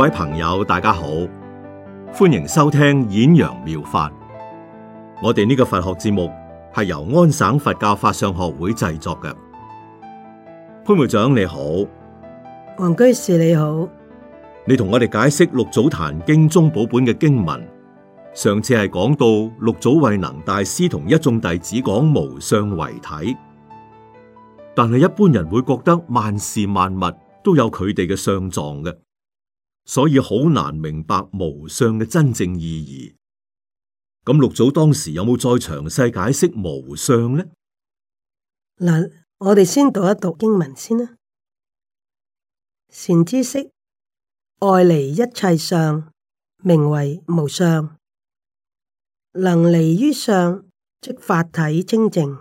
各位朋友，大家好，歡迎收聽演揚妙，妙法。我哋呢個佛學節目係由安省佛教法相學會製作嘅。潘會長你好，黃居士你好，你同我哋解釋六祖壇經宗寶本嘅經文。上次係講到六祖慧能大師同一眾弟子講無相為體，但係一般人會覺得萬事萬物都有佢哋嘅相狀嘅。所以好難明白無相嘅真正意義。咁六祖當時有冇再詳細解釋無相呢？嗱，我哋先讀一讀經文先啦。善知識，愛離一切相，名為無相；能離於相，即法體清淨。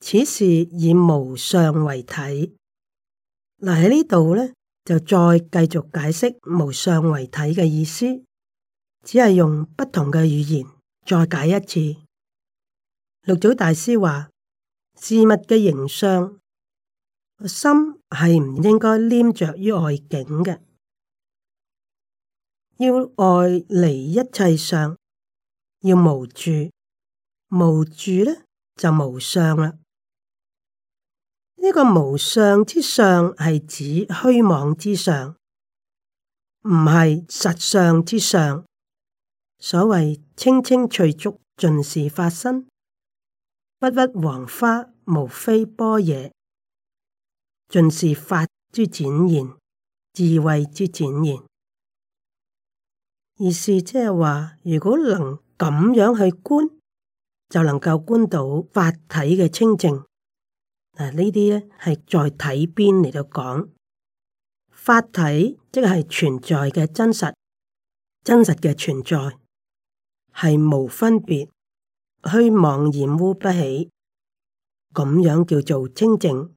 此事以無相為體。嗱喺呢度咧。就再繼續解釋無相為體嘅意思，只係用不同嘅語言再解一次。六祖大師話：事物嘅形相，心係唔應該黏着於外境嘅，要外離一切相，要無住，無住呢，就無相啦。呢個無相之相係指虛妄之相，唔係實相之相。所謂青青翠竹盡是法身，鬱鬱黃花無非般若。盡是法之展現，智慧之展現。意思即係話，如果能咁樣去觀，就能夠觀到法體嘅清淨。呢啲咧係在體邊嚟到講法體，即係存在嘅真實，真實嘅存在係無分別、虛妄染污不起，咁樣叫做清淨，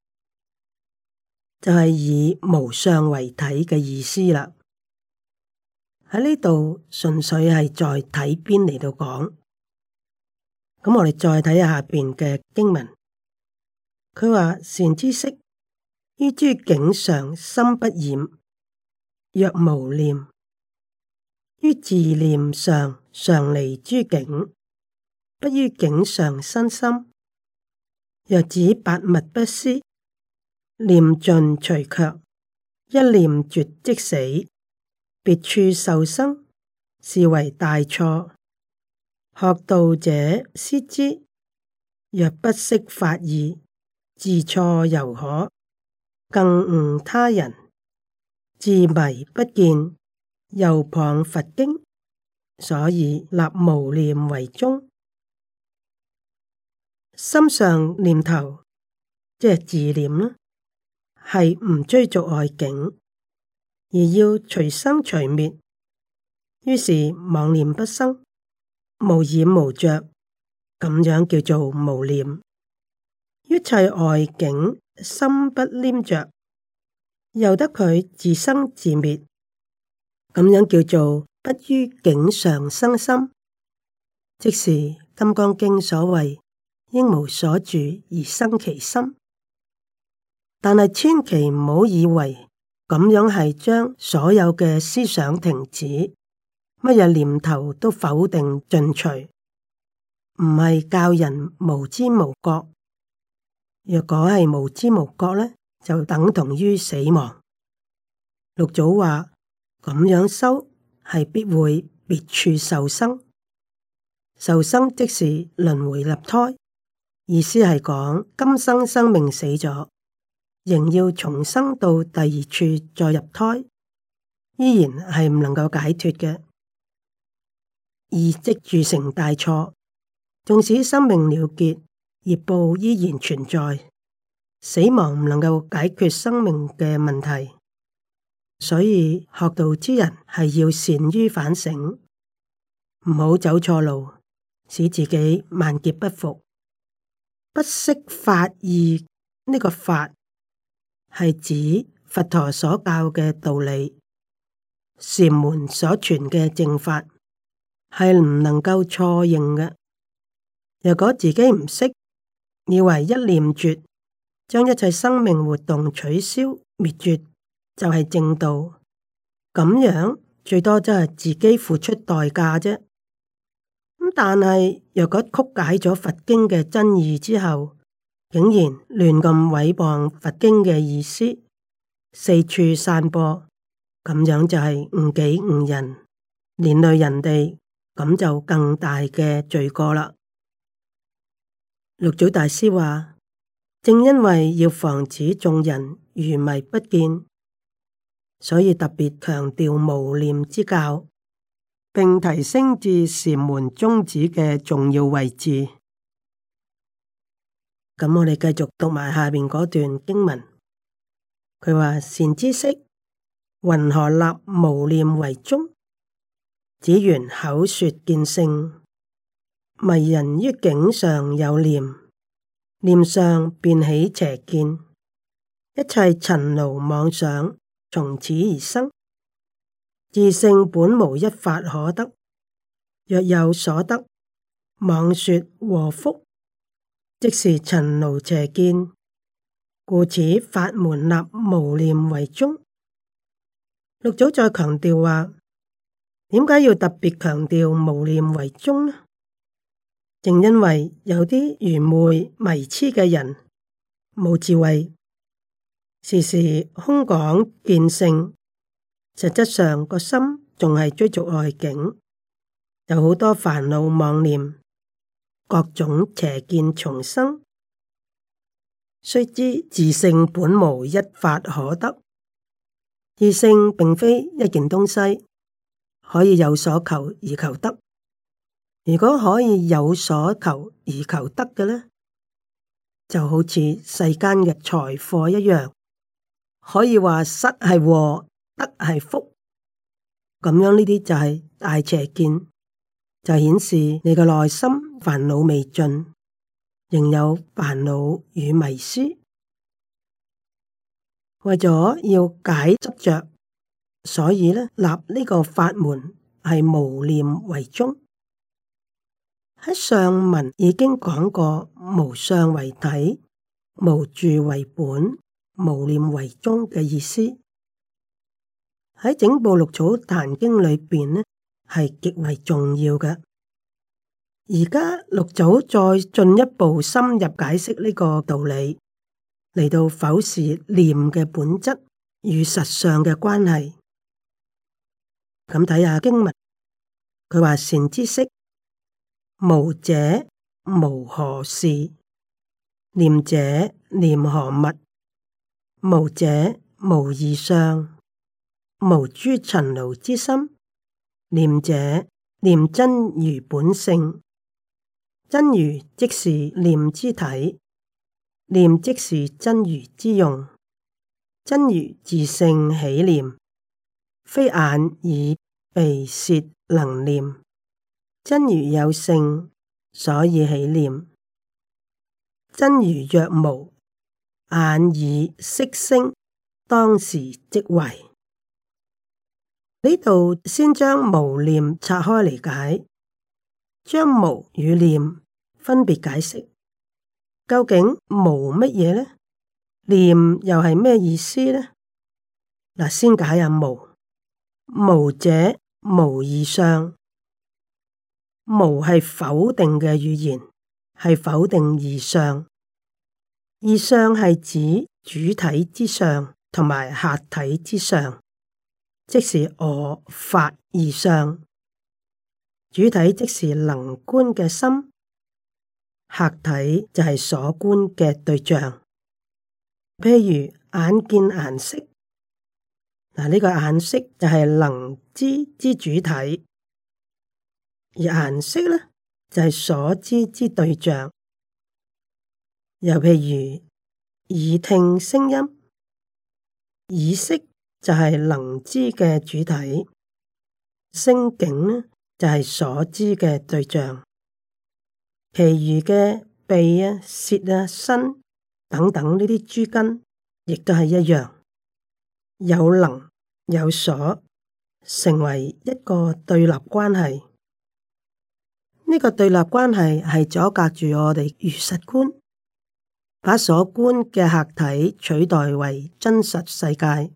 就係、是、以無相為體嘅意思啦。喺呢度純粹係在體邊嚟到講，咁我哋再睇一下下邊嘅經文。佢話：善知識，於諸境上心不染，若無念；於自念上常離諸境，不於境上身心。若指百物不思，念盡除卻，一念絕即死，別處受生，是為大錯。學道者思之。若不識法義。自錯又可，更誤他人；自迷不見，又傍佛經。所以立無念為宗，心上念頭即係自念啦，係唔追逐外境，而要隨生隨滅。於是妄念不生，無染無着，咁樣叫做無念。一切外境心不黏着，由得佢自生自滅，咁樣叫做不於境上生心，即是《金剛經》所謂，應無所住而生其心。但係千祈唔好以為咁樣係將所有嘅思想停止，乜嘢念頭都否定進取，唔係教人無知無覺。若果係無知無覺呢，就等同於死亡。六祖話：咁樣修係必會別處受生，受生即是輪迴立胎。意思係講今生生命死咗，仍要重生到第二處再入胎，依然係唔能夠解脫嘅，而即鑄成大錯。縱使生命了結，業報依然存在，死亡唔能夠解決生命嘅問題，所以學道之人係要善於反省，唔好走錯路，使自己萬劫不復。不識法義，呢個法係指佛陀所教嘅道理，禪門所傳嘅正法係唔能夠錯認嘅。若果自己唔識，以為一念絕，將一切生命活動取消滅絕，就係正道。咁樣最多就係自己付出代價啫。咁但係若果曲解咗佛經嘅真義之後，竟然亂咁誹謗佛經嘅意思，四處散播，咁樣就係誤己誤人，連累人哋，咁就更大嘅罪過啦。六祖大師話：正因為要防止眾人愚迷不見，所以特別強調無念之教，並提升至禪門宗旨嘅重要位置。咁我哋繼續讀埋下面嗰段經文，佢話：善知識，云何立無念為宗？只緣口說見性。迷人於境上有念，念上便起邪見，一切塵勞妄想從此而生。自性本無一法可得，若有所得，妄說禍福，即是塵勞邪見。故此，法門立無念為宗。六祖再強調話，點解要特別強調無念為宗呢？正因為有啲愚昧迷痴嘅人冇智慧，時時空講見性，實質上個心仲係追逐外境，有好多煩惱妄念，各種邪見叢生。雖知自性本無一法可得，自性並非一件東西可以有所求而求得。如果可以有所求而求得嘅咧，就好似世間嘅財貨一樣，可以話失係禍，得係福。咁樣呢啲就係大邪見，就顯示你嘅內心煩惱未盡，仍有煩惱與迷思。為咗要解執着，所以咧立呢個法門係無念為宗。喺上文已經講過無相為體、無住為本、無念為宗嘅意思，喺整部六祖壇經裏邊呢係極為重要嘅。而家六祖再進一步深入解釋呢個道理，嚟到否視念嘅本質與實相嘅關係。咁睇下經文，佢話善知識。無者無何事，念者念何物？無者無二相，無諸塵勞之心。念者念真如本性，真如即是念之體，念即是真如之用。真如自性起念，非眼耳鼻舌能念。真如有性，所以起念；真如若無，眼耳色聲當時即為。呢度先將無念拆開嚟解，將無與念分別解釋。究竟無乜嘢呢？念又係咩意思呢？嗱，先解下無。無者無，無義相。無係否定嘅語言，係否定而上，而上係指主體之上同埋客體之上，即是我法而上。主體即是能觀嘅心，客體就係所觀嘅對象。譬如眼見顏色，嗱、這、呢個顏色就係能知之主體。而顏色咧就係、是、所知之對象，又譬如耳聽聲音，耳識就係能知嘅主體，聲境呢就係、是、所知嘅對象，其餘嘅鼻啊、舌啊、身等等呢啲諸根，亦都係一樣，有能有所，成為一個對立關係。呢個對立關係係阻隔住我哋如實觀，把所觀嘅客體取代為真實世界。呢、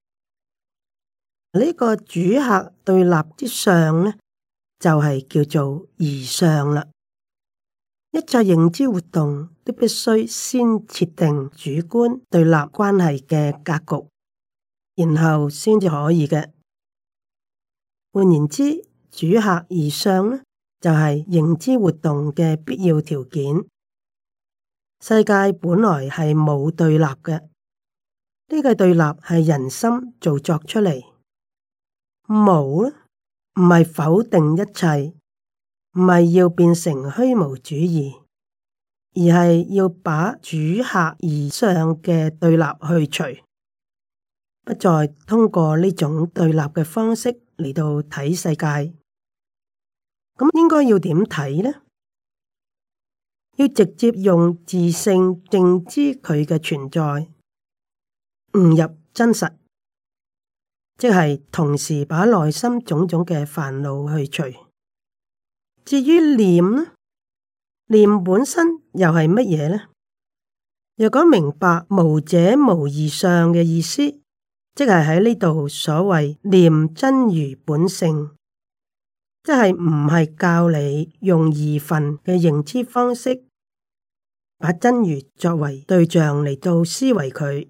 這個主客對立之上，呢，就係、是、叫做二相啦。一切認知活動都必須先設定主觀對立關係嘅格局，然後先至可以嘅。換言之，主客二相呢，就係認知活動嘅必要條件。世界本來係冇對立嘅，呢個對立係人心造作出嚟。冇咧，唔係否定一切，唔係要變成虛無主義，而係要把主客而上嘅對立去除，不再通過呢種對立嘅方式嚟到睇世界。咁應該要點睇呢？要直接用自性證知佢嘅存在，悟入真實，即係同時把內心種種嘅煩惱去除。至於念呢？念本身又係乜嘢呢？若果明白無者無二相嘅意思，即係喺呢度所謂念真如本性。即係唔係教你用二分嘅認知方式，把真如作為對象嚟做思維佢，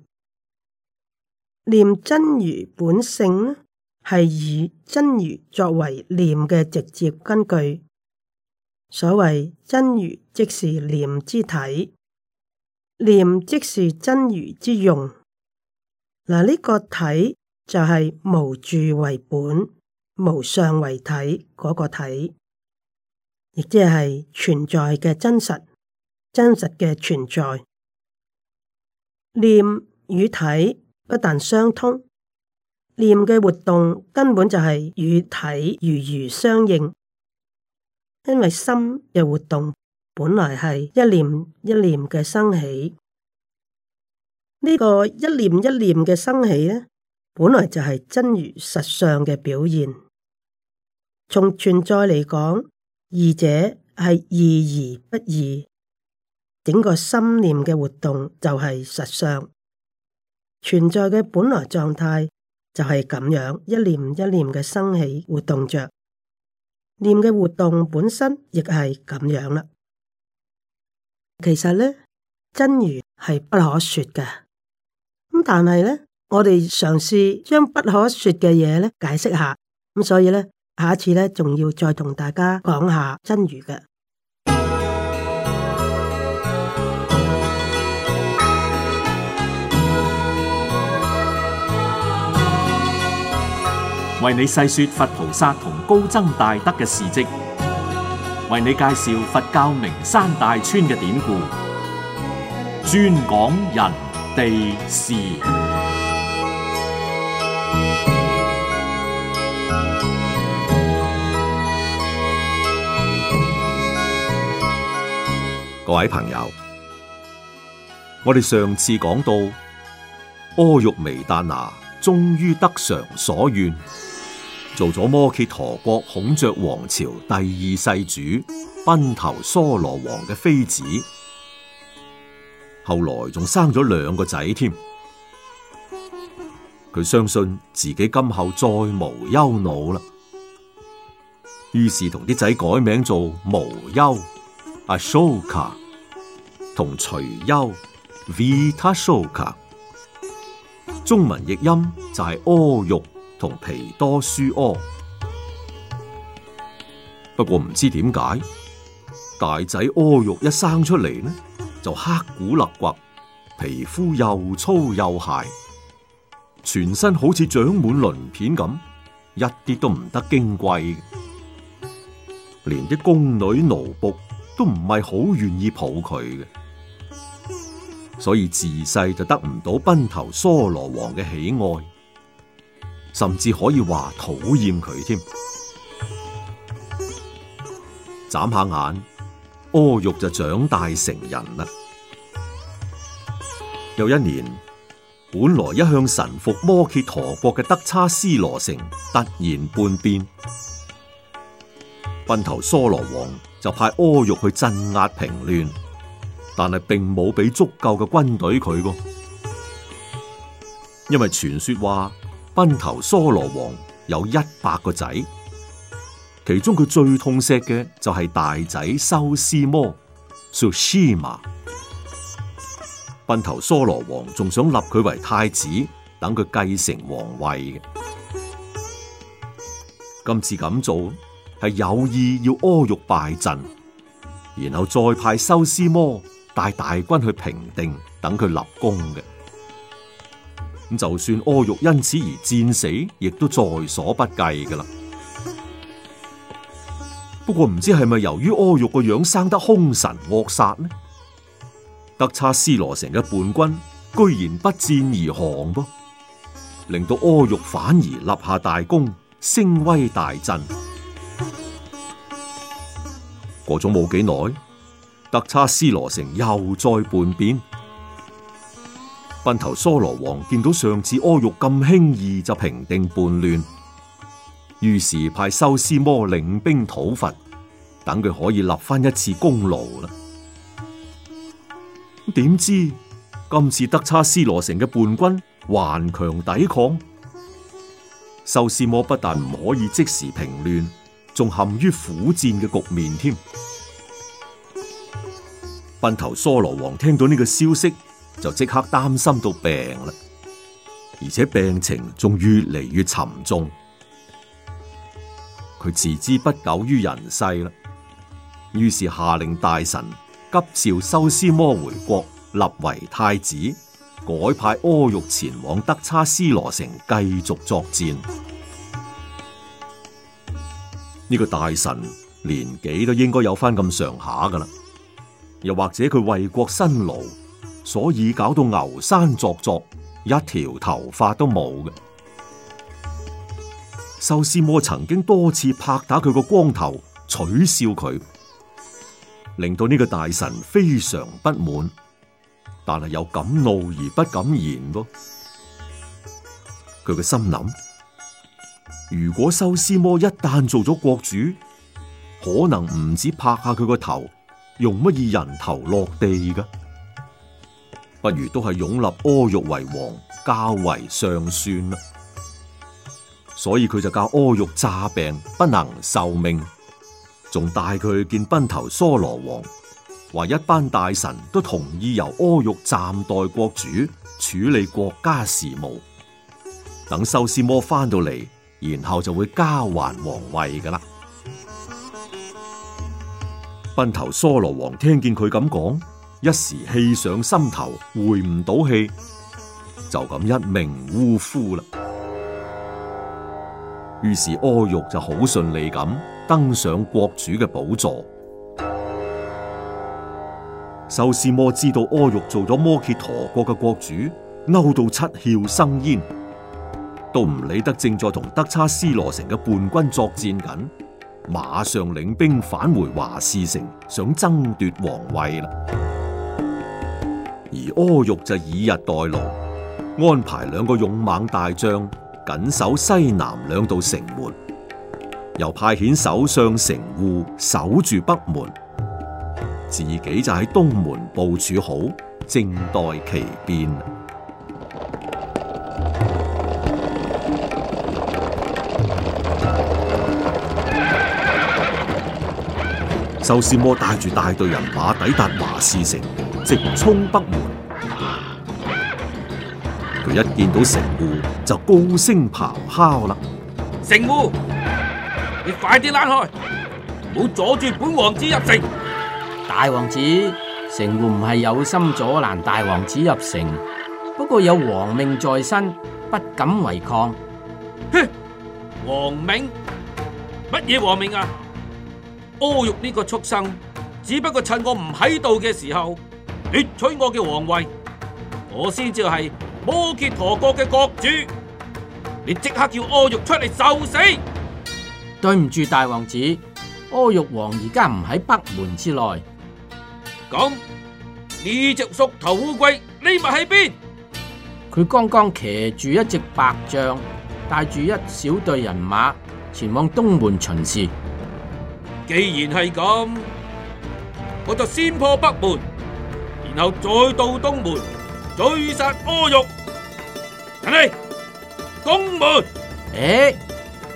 念真如本性呢？係以真如作為念嘅直接根據。所謂真如，即是念之體；念即是真如之用。嗱，呢個體就係無住為本。無相為體嗰個體，亦即係存在嘅真實，真實嘅存在。念與體不但相通，念嘅活動根本就係與體如如相應。因為心嘅活動本來係一念一念嘅生起，呢個一念一念嘅生起咧，本來就係真如實相嘅表現。從存在嚟講，二者係異而不異，整個心念嘅活動就係實相，存在嘅本來狀態就係咁樣，一念一念嘅生起活動着，念嘅活動本身亦係咁樣啦。其實咧，真如係不可說嘅，咁但係咧我哋嘗試將不可說嘅嘢咧解釋下，咁所以咧。下次咧，仲要再同大家講下真如嘅。為你細說佛菩薩同高僧大德嘅事跡，為你介紹佛教名山大川嘅典故，專講人地事。各位朋友，我哋上次講到，柯玉微丹娜終於得償所願，做咗摩羯陀國孔雀王朝第二世主賓頭娑羅王嘅妃子，後來仲生咗兩個仔添。佢相信自己今後再無憂惱啦，於是同啲仔改名做無憂。阿蘇卡同徐優，維塔蘇卡，中文譯音就係「柯肉」同皮多舒柯。不過唔知點解，大仔柯肉一生出嚟呢，就黑骨立骨，皮膚又粗又鞋，全身好似長滿鱗片咁，一啲都唔得矜貴，連啲宮女奴僕，都唔係好願意抱佢嘅，所以自細就得唔到奔頭娑羅王嘅喜愛，甚至可以話討厭佢添。眨下眼，阿玉就長大成人啦。有一年，本來一向臣服摩羯陀國嘅德差斯羅城突然叛變，奔頭娑羅王就派阿育去鎮壓平亂，但係並冇俾足夠嘅軍隊佢噃，因為傳說話奔頭梭羅王有一百個仔，其中佢最痛錫嘅就係大仔修斯摩 （Susima）。奔頭梭羅王仲想立佢為太子，等佢繼承皇位嘅，今次咁做。係有意要柯玉敗陣，然後再派修斯魔帶大軍去平定，等佢立功嘅。咁就算柯玉因此而戰死，亦都在所不計噶啦。不過唔知係咪由於柯玉個樣生得凶神惡煞呢？德差斯羅城嘅叛軍居然不戰而降噃，令到柯玉反而立下大功，聲威大振。過咗冇幾耐，德差斯羅城又再叛變。賓頭娑羅王見到上次阿育咁輕易就平定叛亂，於是派修斯摩領兵討伐，等佢可以立翻一次功勞啦。點知今次德差斯羅城嘅叛軍頑強抵抗，修斯摩不但唔可以即時平亂。仲陷於苦戰嘅局面添。賓頭娑羅王聽到呢個消息，就即刻擔心到病啦，而且病情仲越嚟越沉重。佢自知不久於人世啦，於是下令大臣急召修斯摩回國，立為太子，改派阿育前往德差斯羅城繼續作戰。呢個大臣年紀都應該有翻咁上下噶啦，又或者佢為國辛勞，所以搞到牛山濯濯，一條頭髮都冇嘅。壽司摩曾經多次拍打佢個光頭，取笑佢，令到呢個大臣非常不滿，但係又敢怒而不敢言喎。佢嘅心諗。如果修斯摩一旦做咗國主，可能唔止拍下佢個頭，用乜嘢人頭落地噶？不如都係擁立柯玉為王，較為上算啦。所以佢就教柯玉詐病，不能受命，仲帶佢去見奔頭娑羅王，話一班大臣都同意由柯玉暫代國主處理國家事務。等修斯摩翻到嚟。然後就會交還皇位噶啦。賓頭娑羅王聽見佢咁講，一時氣上心頭，回唔到氣，就咁一命嗚呼啦。於是阿育就好順利咁登上國主嘅寶座。修斯摩知道阿育做咗摩羯陀國嘅國主，嬲到七竅生煙。都唔理得，正在同德差斯羅城嘅叛軍作戰緊，馬上領兵返回華士城，想爭奪皇位啦。而柯玉就以逸待勞，安排兩個勇猛大將緊守西南兩道城門，又派遣首相城戶守住北門，自己就喺東門部署好，靜待其變。修斯魔帶住大隊人馬抵達華士城，直衝北門。佢一見到城戶就高聲咆哮啦：城戶，你快啲攋開，唔好阻住本王子入城！大王子，城戶唔係有心阻攔大王子入城，不過有皇命在身，不敢違抗。哼，皇命，乜嘢皇命啊？柯玉呢個畜生，只不過趁我唔喺度嘅時候奪取我嘅皇位，我先至係摩揭陀國嘅國主。你即刻叫柯玉出嚟受死！對唔住大王子，柯玉王而家唔喺北門之內。咁呢隻縮頭烏龜匿埋喺邊？佢剛剛騎住一隻白象，帶住一小隊人馬前往東門巡視。既然係咁，我就先破北門，然後再到東門追殺柯玉。嚟，攻門！誒，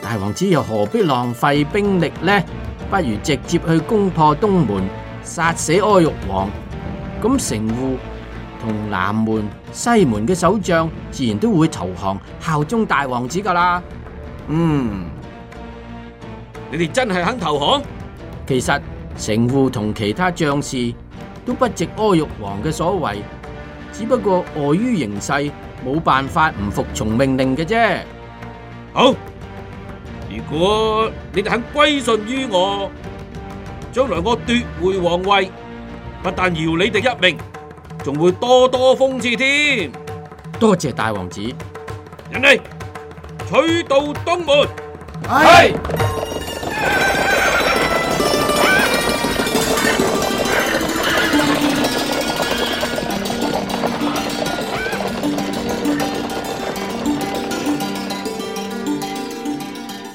大王子又何必浪費兵力呢？不如直接去攻破東門，殺死柯玉王。咁城戶同南門、西門嘅守將自然都會投降效忠大王子噶啦。嗯，你哋真係肯投降？其實城戶同其他將士都不值柯玉皇嘅所為，只不過礙於形勢，冇辦法唔服從命令嘅啫。好，如果你哋肯歸順於我，將來我奪回皇位，不但饒你哋一命，仲會多多封賜添。多謝大王子。人嚟，取道東門。係。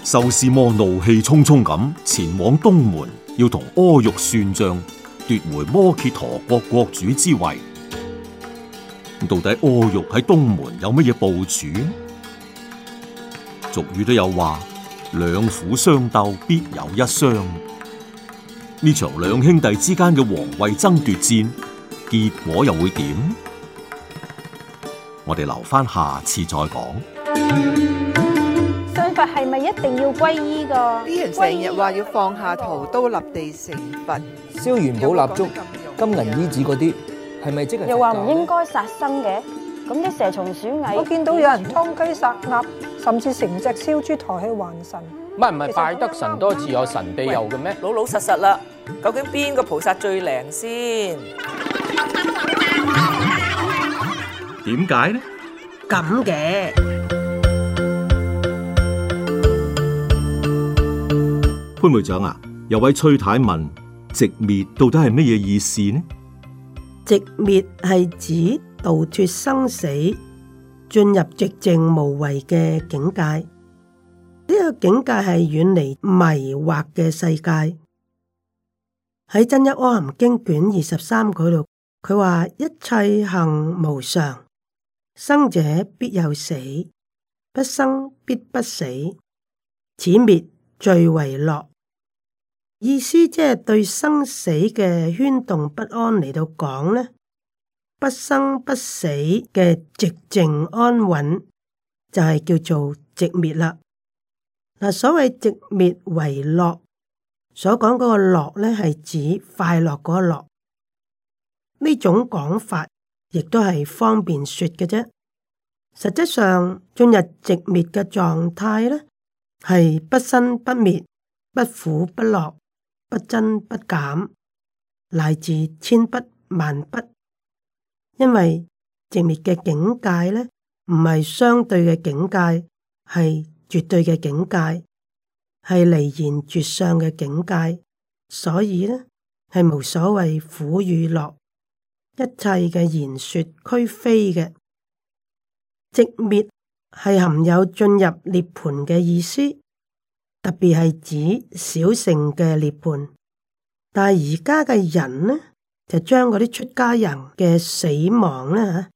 修斯魔怒氣冲冲咁前往東門，要同阿玉算賬，奪回摩羯陀國國主之位。到底阿玉喺東門有乜嘢部署？俗語都有話，兩虎相鬥必有一傷。呢場兩兄弟之間嘅王位爭奪戰，結果又會點？我哋留翻下,下次再講。係咪一定要皈依噶？啲人成日話要放下屠刀立地成佛，燒元寶蠟燭、金銀衣紙嗰啲，係咪即係？又話唔應該殺生嘅，咁啲蛇蟲鼠蟻，我見到有人劏雞殺鴨，甚至成隻燒豬抬去還神。唔係唔係，拜得神多自有神庇佑嘅咩？老老實實啦，究竟邊個菩薩最靈先？點解呢？咁嘅。區會長啊，有位崔太，太問直滅到底係乜嘢意思呢？直滅係指度脱生死，進入寂靜無為嘅境界。呢、這個境界係遠離迷惑嘅世界。喺《真一安含經卷》卷二十三嗰度，佢話一切行無常，生者必有死，不生必不死，此滅最為樂。意思即係對生死嘅圈動不安嚟到講呢，不生不死嘅寂靜安穩，就係叫做寂滅啦。嗱，所謂寂滅為樂，所講嗰個樂咧係指快樂嗰個樂。呢種講法亦都係方便説嘅啫。實際上進入寂滅嘅狀態呢，係不生不滅，不苦不樂。不增不減，乃至千不萬不，因為寂滅嘅境界呢，唔係相對嘅境界，係絕對嘅境界，係離言絕相嘅境界，所以呢，係無所謂苦與樂，一切嘅言說俱非嘅。寂滅係含有進入涅槃嘅意思。特別係指小乘嘅涅槃，但係而家嘅人呢，就將嗰啲出家人嘅死亡呢，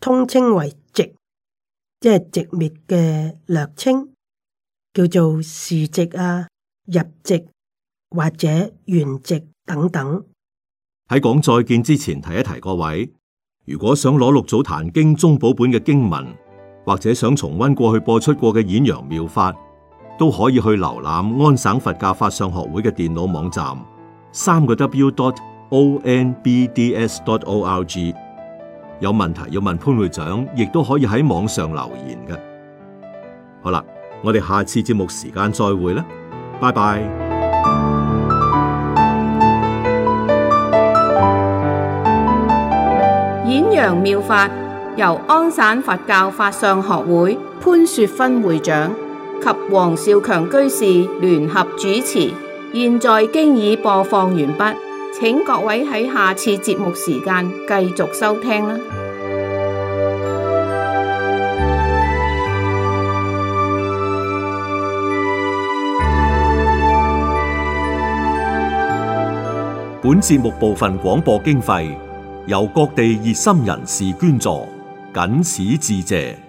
通稱為寂，即係寂滅嘅略稱，叫做示寂啊、入寂或者圓寂等等。喺講再見之前，提一提各位，如果想攞六祖壇經中寶本嘅經文，或者想重溫過去播出過嘅演揚妙法，都可以去瀏覽安省佛教法上學會嘅電腦網站，三個 w.dot.onbds.dot.org。有問題要問潘會長，亦都可以喺網上留言嘅。好啦，我哋下次節目時間再會啦，拜拜。演揚妙法由安省佛教法上學會潘雪芬會長。及黃少強居士聯合主持，現在經已播放完畢，請各位喺下次節目時間繼續收聽啦。本節目部分廣播經費由各地熱心人士捐助，僅此致謝。